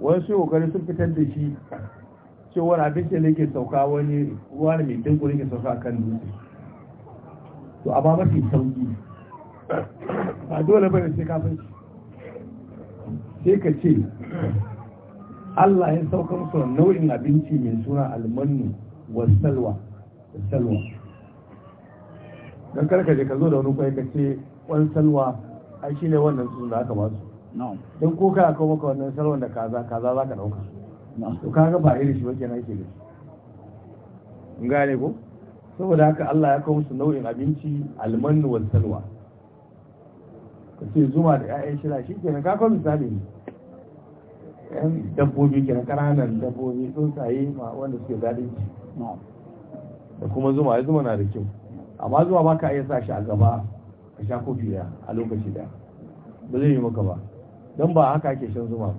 B: wani su kokari sun fitar da shi cewar abinci ne ke sauka wani ruwa da mai dinkuri ke sauka kan dutse to amma mafi sauki ba dole bane sai kafin shi sai ka ce Allah ya saukar su nau'in abinci mai suna wasu salwa salwa don karkace ka zo da wani kwaye ka ce wani salwa a shi ne wannan sun da aka ba su don ko ka kawo maka wannan salwan da kaza kaza za ka ɗauka to kaga ba irin shi ba ake ke da shi gane ko saboda haka Allah ya kawo musu nau'in abinci almanu wal salwa ka ce zuma da 'ya'yan shira shi kenan ka kawo misali ne yan dabbobi kenan ƙananan dabbobi tsuntsaye ma wanda suke daɗin ci da kuma zuma ya zuma na da kyau amma zuma ba ka iya sa shi a gaba a sha kofi da a lokaci da ba zai yi maka ba don ba haka ake shan zuma ba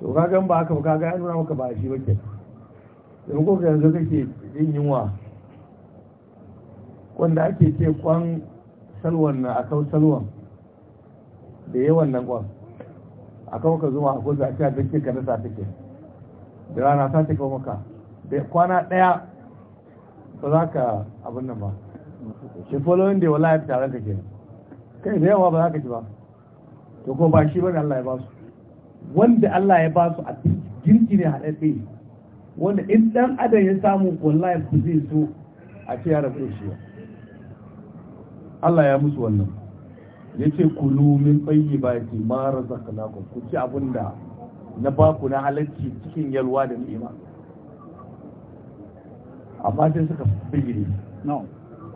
B: to kagan ba haka ba kaga ya nuna maka ba a shi ba ke yau ko ka yanzu kake yin yunwa wanda ake ce kwan salwan na akau salwan da yawan nan kwan akau ka zuma a kusa a cikin da ke ka take da rana ta take maka da kwana ɗaya ba za ka abin nan ba shi following day wallahi ta ranka ke kai da yawa ba za ka ji ba to ko ba shi bane Allah ya ba su wanda Allah ya ba su a jirgi ne haɗaɗɗe wanda in ɗan adam ya samu wallahi ku zai so a ce ya rabu shi Allah ya musu wannan ya ce kulu min tsayi ba ki mara zaka ku ci abinda na baku na halarci cikin yalwa da ni'ima a sai suka bigire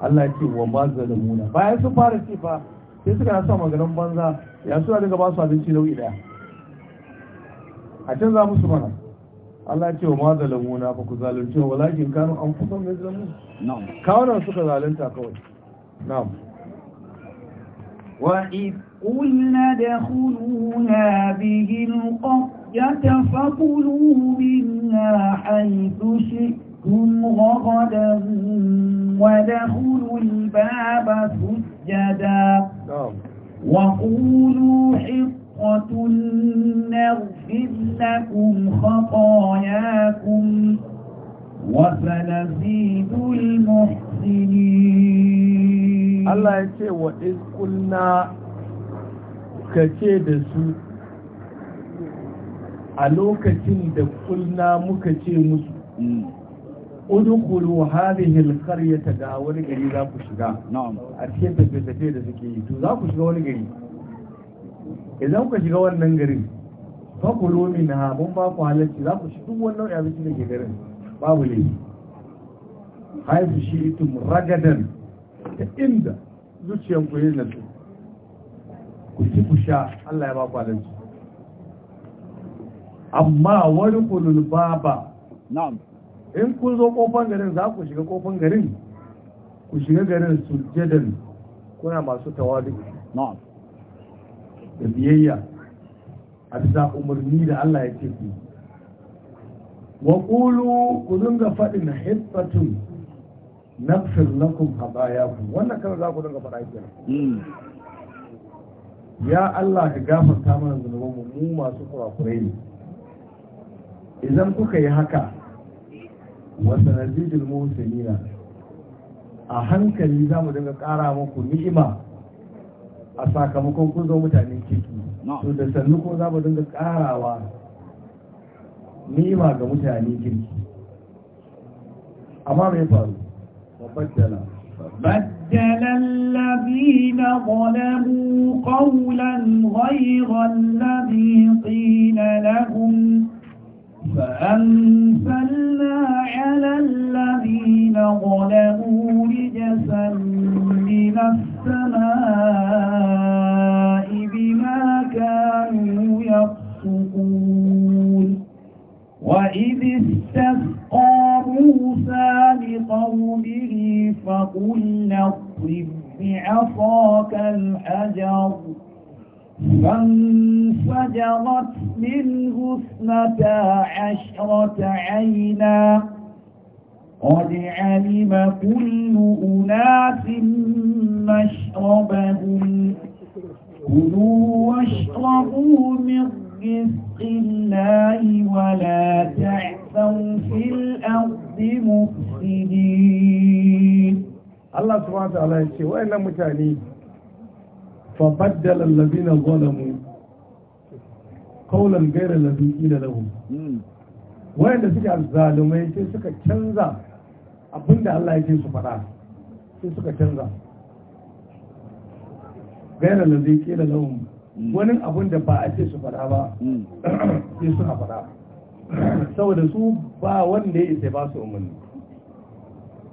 B: Allah ya ce wa da muna bayan sun fara ce fa sai suka rasa maganin banza ya suna daga ba su abinci nau'i daya a can za musu mana Allah ya ce wa ma lamuna ba ku zalunci wa walakin kanu an kusan mai zamu kawunan suka zalunta kawai
A: na'am وإذ قلنا دخلوا هذه القرية فكلوا منها حيث شئتم هم غضبا ودخلوا الباب سجدا وقولوا حقة نغفر لكم خطاياكم وسنزيد المحسنين الله يقول وإذ قلنا
B: كتيد سوء a lokacin da kulna muka ce musu udkhulu hadhihi alqaryata ga wani gari za ku shiga a cikin tafiye-tafiye da suke yi to za ku shiga wani gari idan ku shiga wannan garin fakulu minha mun ba ku halarci za ku ci duk wannan abinci da ke garin babu ne haifu shi itum ragadan da inda zuciyan ku yin nasu ku ci ku sha Allah ya ba ku halarci amma wani kulul baba na'am in kun zo kofan garin za ku shiga kofan garin ku shiga garin sujjadan kuna masu tawadu da biyayya a bisa umarni da Allah ya ce ku wa qulu ku dinga faɗin hibbatun nafsir lakum ku. wannan kan za ku dinga faɗa kenan hmm. ya Allah ka gafarta mana zunubanmu mu masu kurakurai ne idan kuka yi haka wasu nazidul muhsinina a hankali za mu dinga ƙara muku ni'ima a sakamakon kun zo mutane kirki to da sannu ko za mu dinga ƙarawa ni'ima ga mutane kirki amma mai faru babbala
A: بدل الذين ظلموا قولا غير الذي قيل لهم فأنزلنا على الذين ظلموا رجسا من السماء بما كانوا يفسقون وإذ استسقى موسى لقومه فقلنا اضرب بعصاك الحجر فانفجرت منه اثنتا عشرة عينا قد علم كل أناس مشربهم كلوا واشربوا من رزق الله ولا تعثوا في الأرض مفسدين الله سبحانه
B: وتعالى يقول لم تعليم فبدل الذين ظلموا قولا غير الذي قيل لهم wayanda suke azzalumai sai suka canza abinda Allah ya ce su faɗa sai suka canza gairar da zai kela lahun wani abin da ba a ce su faɗa ba sai suka faɗa saboda su ba wanda ya isa ba su umarni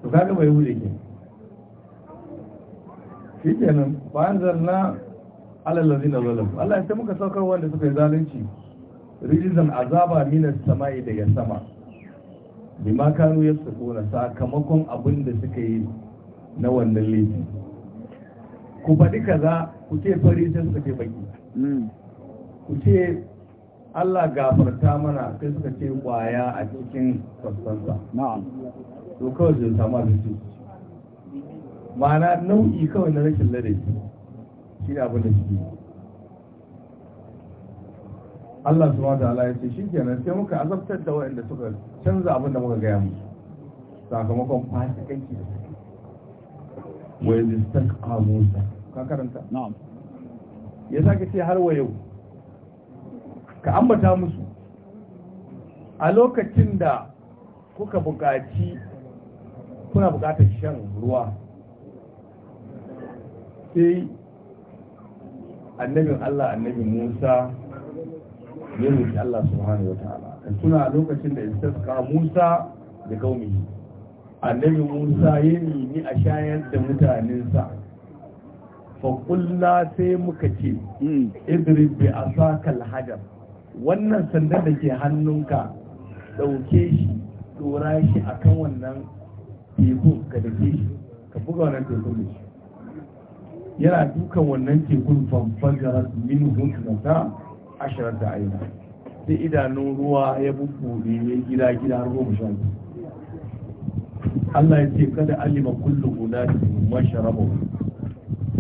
B: to kaga bai hude shi kenan bayan zanna alallazi na zalam Allah ya muka saukar wanda suka yi zalunci rijizan azaba minas sama'i daga sama bima kanu ya tsakona sakamakon abin da suka yi na wannan laifi ku faɗi kaza ku ce fari sai suka ce baki hmm. ku ce Allah gafarta mana sai suka ce kwaya a cikin sassansa to kawai zai samu ma'ana nau'i kawai na rashin ladabi shi ne abin da shi Allah su mata ala ya ce shi kenan sai muka azabtar da waɗanda suka canza abin da muka gaya musu sakamakon kanki da suke wai zistar a musa ka karanta na'am ya sake ce har wa yau ka ambata musu a lokacin da kuka buƙaci kuna buƙatar shan ruwa sai annabin Allah annabi Musa ya roki Allah subhanahu wataala kan tuna lokacin da saka Musa da kaumi annabi Musa ya nemi a shayar da mutanensa faƙulla sai muka ce hmm. idris bi asaka alhajar wannan sandar da ke hannunka ɗauke shi ɗora shi akan wannan teku ka dake shi ka buga wannan teku da yana dukan wannan tekun fanfajarar min ta ashirar da aina sai idanun ruwa ya ne ya gida gida har goma sha biyu Allah ya ce kada alima kullu guda sharaba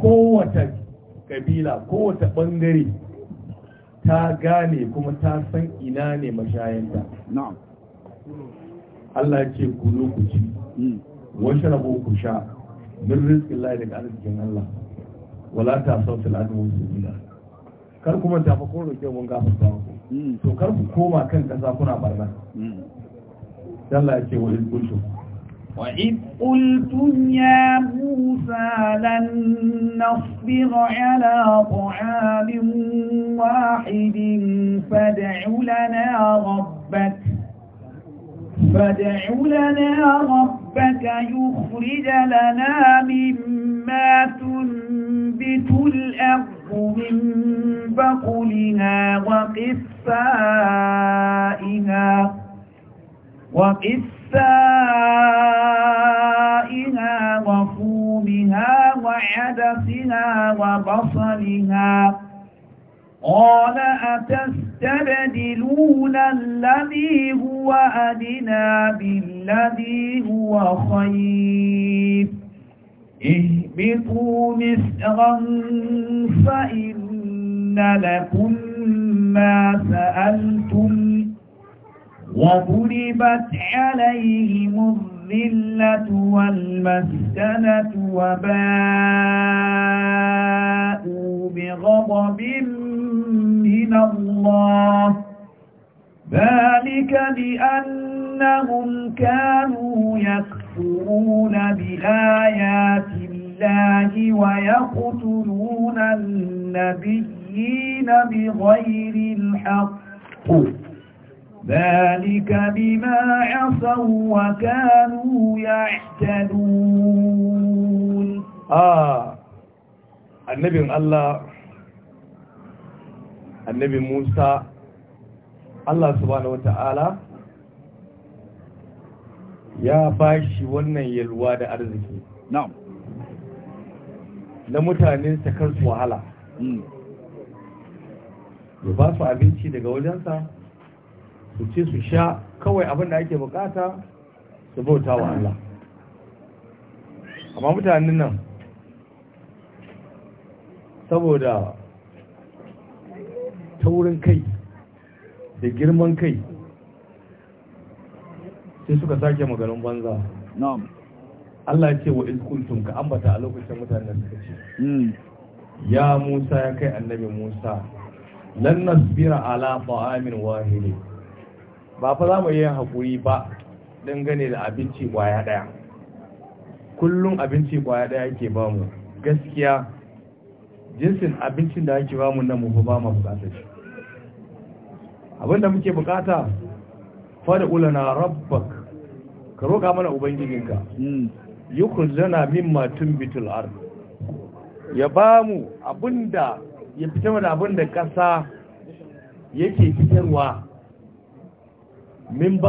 B: kowace kabila kowace bangare ta gane kuma ta san ina ne mashayanta Allah ya ce kulu ku ci hmm. washarabu ku sha min rizkin lai daga arzikin Allah wala ta sau fil adamu sabila kar ku manta fa ko roke mun gafarta muku to kar ku koma kan kasa kuna barna Allah ya ce wa in kuntum
A: وإذ قلتم يا موسى لن نصبر على طعام واحد فادع لنا ربك فادع لنا ربك يخرج لنا مما تنبع تنبت الأرض من بقلها وقفائها وقفائها وفومها وعدسها وبصلها قال أتستبدلون الذي هو أدنى بالذي هو خير اهبطوا مصرا فإن لكم ما سألتم وضربت عليهم الذلة والمسكنة وباءوا بغضب من الله ذلك بأنهم كانوا يكفرون يكفرون بآيات الله ويقتلون النبيين بغير الحق ذلك بما عصوا وكانوا يعتدون
B: آه النبي الله النبي موسى الله سبحانه وتعالى ya bashi wannan yalwa da arziki na'am na mutanen sa kar su wahala ya hmm. ba su abinci daga wajensa su ce su sha kawai abin da ake bukata su bauta wa Allah amma mutanen nan saboda taurin kai da girman kai sai suka sake maganin banza Allah ya ce wa izkultum ka ambata a lokacin mutanen suka ce hmm. ya Musa ya kai annabi Musa lan nasbira ala ta'amin wahid ba fa za mu yi hakuri ba dangane da abinci kwaya daya kullum abinci kwaya daya yake ba mu gaskiya jinsin abincin da yake ba mu nan mu ba mu bukata shi abinda muke bukata fada ulana rabbak ka roƙa mana ubangijinka min matun matun ard ya bamu abinda ya fitar mana abinda ƙasa yake fitarwa min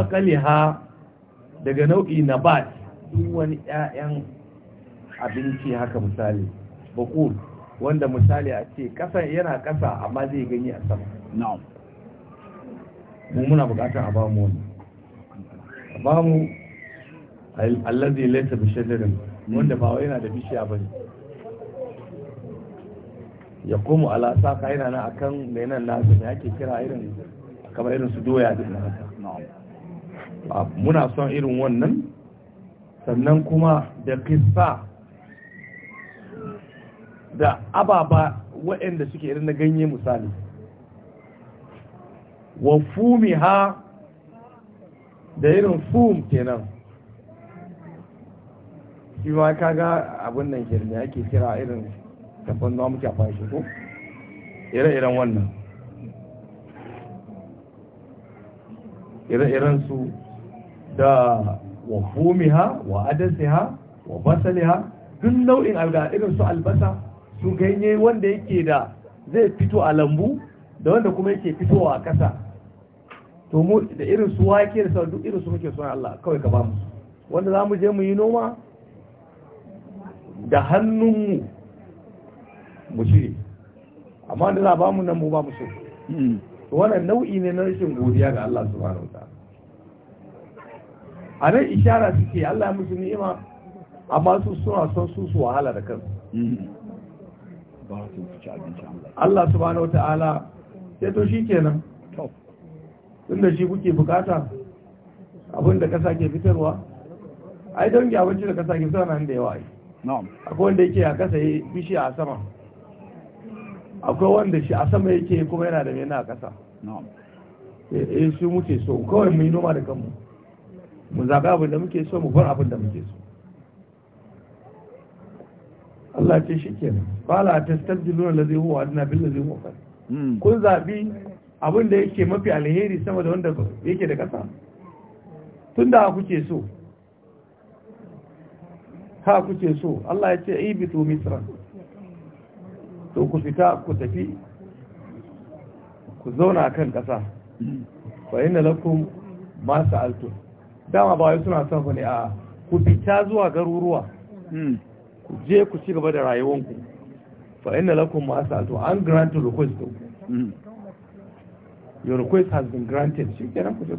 B: ha daga nau'i na ba duk wani 'ya'yan abinci haka misali bakul wanda misali a ce ƙasa yana ƙasa amma zai ganye a sama na'am mu muna buƙatar a bamu wani a bamu allazi bishiyar da shajarin wanda ba wai yana da bishiya ba ne ya komo alasa ka yana na akan da yana nasu ne ake kira irin kamar irin su doya din haka. muna son irin wannan sannan kuma da kisa da ababa waɗanda suke irin na ganye misali wa ha da irin fum kenan shi ma ga abin nan ke da ake kira irin tafan na muke shi ko ire-iren wannan ire-iren su da wa fumiha wa adasiha wa basaliha duk nau'in alga irin su albasa su ganye wanda yake da zai fito a lambu da wanda kuma yake fitowa a ƙasa to mu da irin su wake da duk irin su muke suna Allah kawai ka ba mu wanda za mu je mu yi noma da hannunmu mu shirye amma da za ba mu nan mu ba mu so hmm. wannan nau'i ne na rashin godiya ga Allah subhanahu wa ta'ala a nan ishara suke Allah musu ni'ima amma su suna son su su wahala da kansu hmm. Allah subhanahu wa ta'ala sai to shikenan tunda shi kuke bukata abinda kasa ke fitarwa ai don abinci da kasa ke fitarwa nan da yawa yi akwai wanda yake a kasa ya bishiya a sama akwai wanda shi a sama yake kuma yana da mena a kasa eh, eh su muke so kawai mai yi noma da kanmu mu zaɓi abin da muke so mu bar abin da muke so Allah ce shi kenan fala nuna allazi huwa adna bin ladzi huwa khair hmm. kun zaɓi abin da yake mafi alheri sama da wanda yake da kasa tunda kuke so ha kuke so Allah ya ce ibitu misra to ku fita ku tafi ku zauna kan ƙasa fa inna lakum ma sa'altu dama ba wai suna son ku ne a ku fita zuwa garuruwa hmm. ku je ku ci gaba da rayuwanku fa inna lakum ma sa'altu an grant request to hmm. your request has been granted shi kenan ku je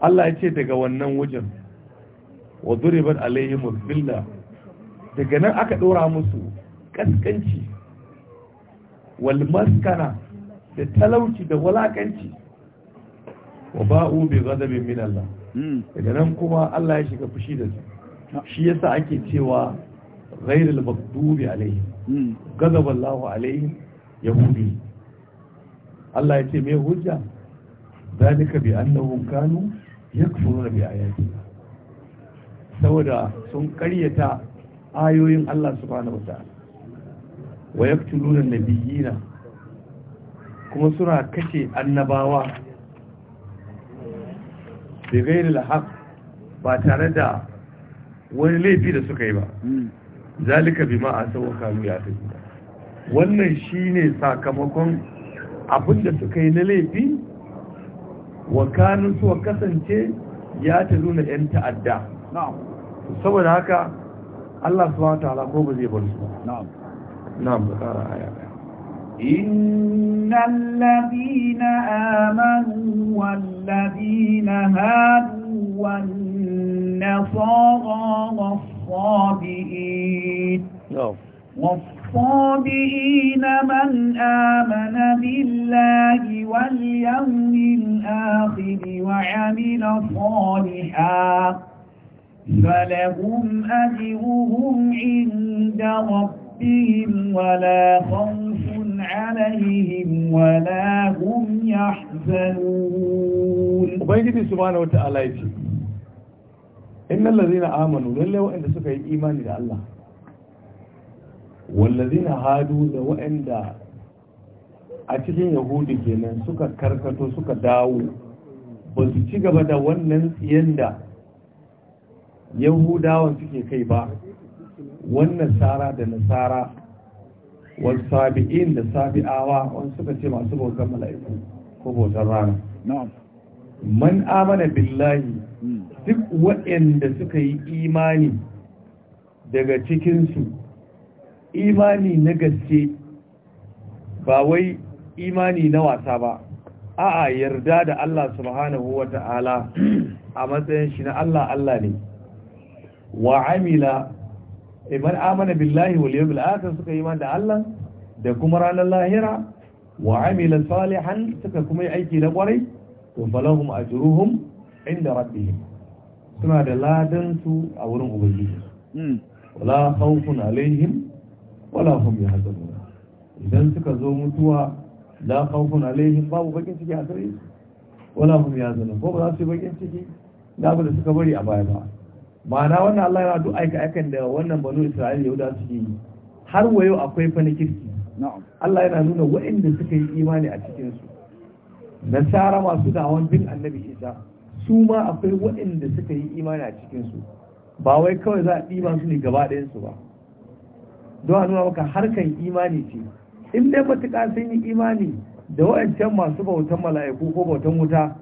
B: Allah ya ce daga wannan wajen wa duriban alayhimul billa daga nan aka dora musu kaskanci wal maskana da talauci da walakanci wa ba'u bi ghadabin min Allah hmm. daga nan kuma Allah ya shiga fushi da su shi yasa ake cewa ghairul maghdubi alaihim hmm. ghadaballahu alaihim yahudi Allah ya ce me hujja zalika bi annahum kanu yakfuruna bi ayatina saboda sun karyata ayoyin Allah subhanahu wata'ala wa yaqtuluna nabiyina kuma suna kashe annabawa bi ghairi al ba tare da wani laifi da suka yi ba hmm. zalika bima asaw kanu ya tafi wannan shine sakamakon abin da suka yi na laifi wa kanu su kasance ya ta nuna 'yan ta'adda نعم haka Allah الله wataala ko ba zai bar نعم na'am نعم، آه، آه، آه.
A: إن الذين آمنوا والذين هادوا والنصارى والصابئين نعم. والصابئين من آمن بالله واليوم الآخر وعمل صالحاً فلهم أجرهم عند ربهم ولا خوف عليهم ولا هم يحزنون وبيجي سبحانه
B: وتعالى إن الذين آمنوا للي وإن سكى الإيمان إلى الله والذين هادوا وإن a cikin يهودي kenan suka karkato suka dawo ba su ci gaba da wannan tsiyan da yahudawan suke kai ba wannan sara da nasara sabi'in da sabi'awa wani suka ce masu bautar mala'iku ko bautar rana man amana billahi hmm. duk waɗanda suka yi imani daga cikinsu imani na gaske ba wai imani na wasa ba a'a yarda da Allah subhanahu wa ta'ala a matsayin shi na Allah Allah ne wa amila iman eh, amana billahi wal yawmil akhir suka yi iman da Allah da kuma ranar lahira wa amila salihan suka kuma yi aiki na kwarai to falahum ajruhum inda rabbihim suna da ladan su a wurin ubangiji hmm. wala khawfun alaihim wala hum yahzanun idan suka zo mutuwa la khawfun alaihim babu bakin ciki a gare su wala hum yahzanun ko ba za su yi bakin ciki da abin da suka bari a baya ba ma'ana wannan Allah yana duk aika aikan da wannan banu ya Yahuda suke yi har wayo akwai fa kirki Allah yana nuna waɗanda suka yi imani a cikin su nasara masu hawan bin annabi Isa su ma akwai waɗanda suka yi imani a cikin su ba wai kawai za a ɗiba su ne gaba ɗayan su ba don a nuna maka harkan imani ce in dai matuƙa sun yi imani da wa'ancan masu bautan mala'iku ko bautan wuta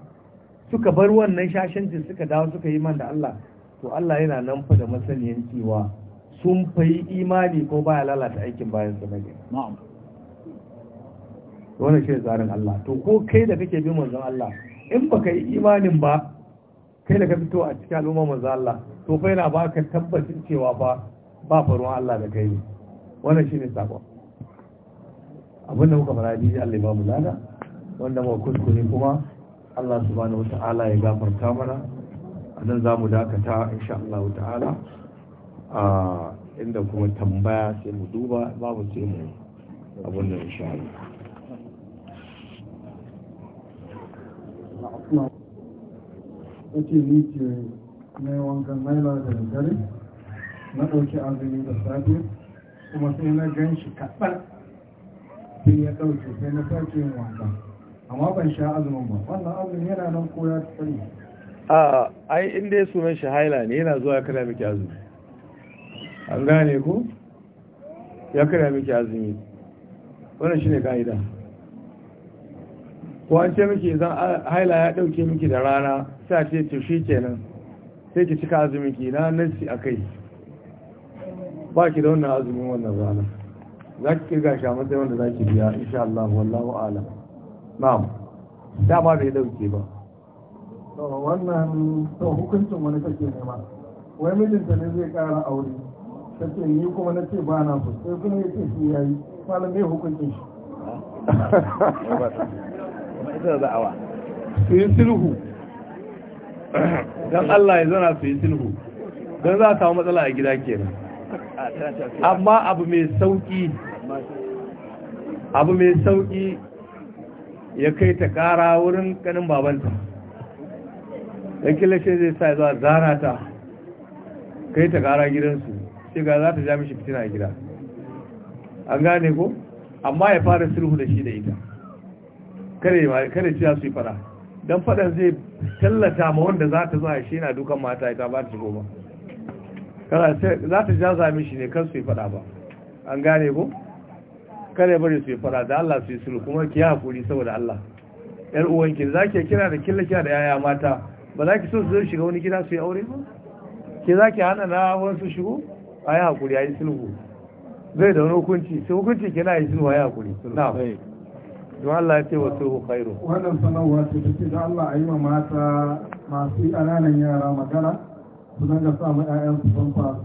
B: suka bar wannan shashancin suka dawo suka yi man da Allah to Allah yana nan fa da masaniyan cewa sun fayi imani ko baya lalata aikin bayan su To wannan shi tsarin Allah to ko kai da kake bin manzon Allah in baka yi imanin ba kai da ka fito a cikin al'umma manzon Allah to fa yana baka tabbacin cewa ba ba faruwan Allah da kai wannan shine sakon abin da muka fara ji Allah ya ba mu lada wanda muka kuskure kuma Allah subhanahu wa ta'ala ya gafarta mana nan za mu dakata insha Allah ta'ala a inda kuma tambaya sai mu duba babu sai mu abin da insha Allah Wace ni ke mai wankan maila da dare na ɗauki azumi da safe kuma sai na gan shi kaɗan sai ya ɗauke sai na sake yin wanka amma ban sha azumin ba wannan azumin yana nan koya ya tsari a ai inda ya sunan shi haila ne yana zuwa ya kada miki azumi an gane ku ya kada miki azumi wannan shi ne ka'ida ko an ce miki zan haila ya ɗauke miki da rana sa ce ce shi kenan sai ki cika azumi ki na si, a kai ba ki da wannan azumin wannan rana za ki kirga shi a matsayin wanda za ki biya insha Allah wallahu alam na'am dama bai ɗauke ba wannan to hukuncin wani kake nema wai mijinta ne zai kara aure ta ni kuma na ce ba na so sai kuma ya ce shi ya malam mai hukuncin shi su yi sulhu don Allah ya zana su yi sulhu don za a samu matsala a gida kenan amma abu mai sauki abu mai sauki ya kai ta kara wurin kanin babanta don kilashe zai sa zuwa zana ta kai ta kara gidansu sai ga za ta ja mishi fitina a gida an gane ko amma ya fara sulhu da shi da ita kare ciya su yi fara don fadan zai tallata ma wanda za ta zuwa shi na dukan mata ita ba ta shigo ba za ta ja zami shi ne kan su yi fada ba an gane ko kare bari su yi fara da Allah su yi sulhu kuma ki hakuri saboda Allah yar uwanki za ki kira da killa kira da yaya mata ba za ki so su shiga wani gida su yi aure ba ke za ki hana na su shigo a yi haƙuri a yi sulhu zai da wani hukunci sai hukunci ke na yi sulhu a yi haƙuri na don Allah ya ce wa sulhu khairu wannan sanarwa ce ta ce da Allah a yi wa mata masu ƙananan yara magana su zanga sa ma 'ya'yan su famfa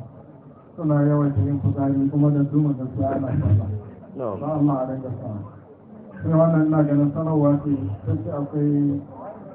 B: suna yawan yin fitsari kuma da zuma da su ana sallah ba Allah a dinga sa sai wannan ina ganin sanarwa ce ta ce akwai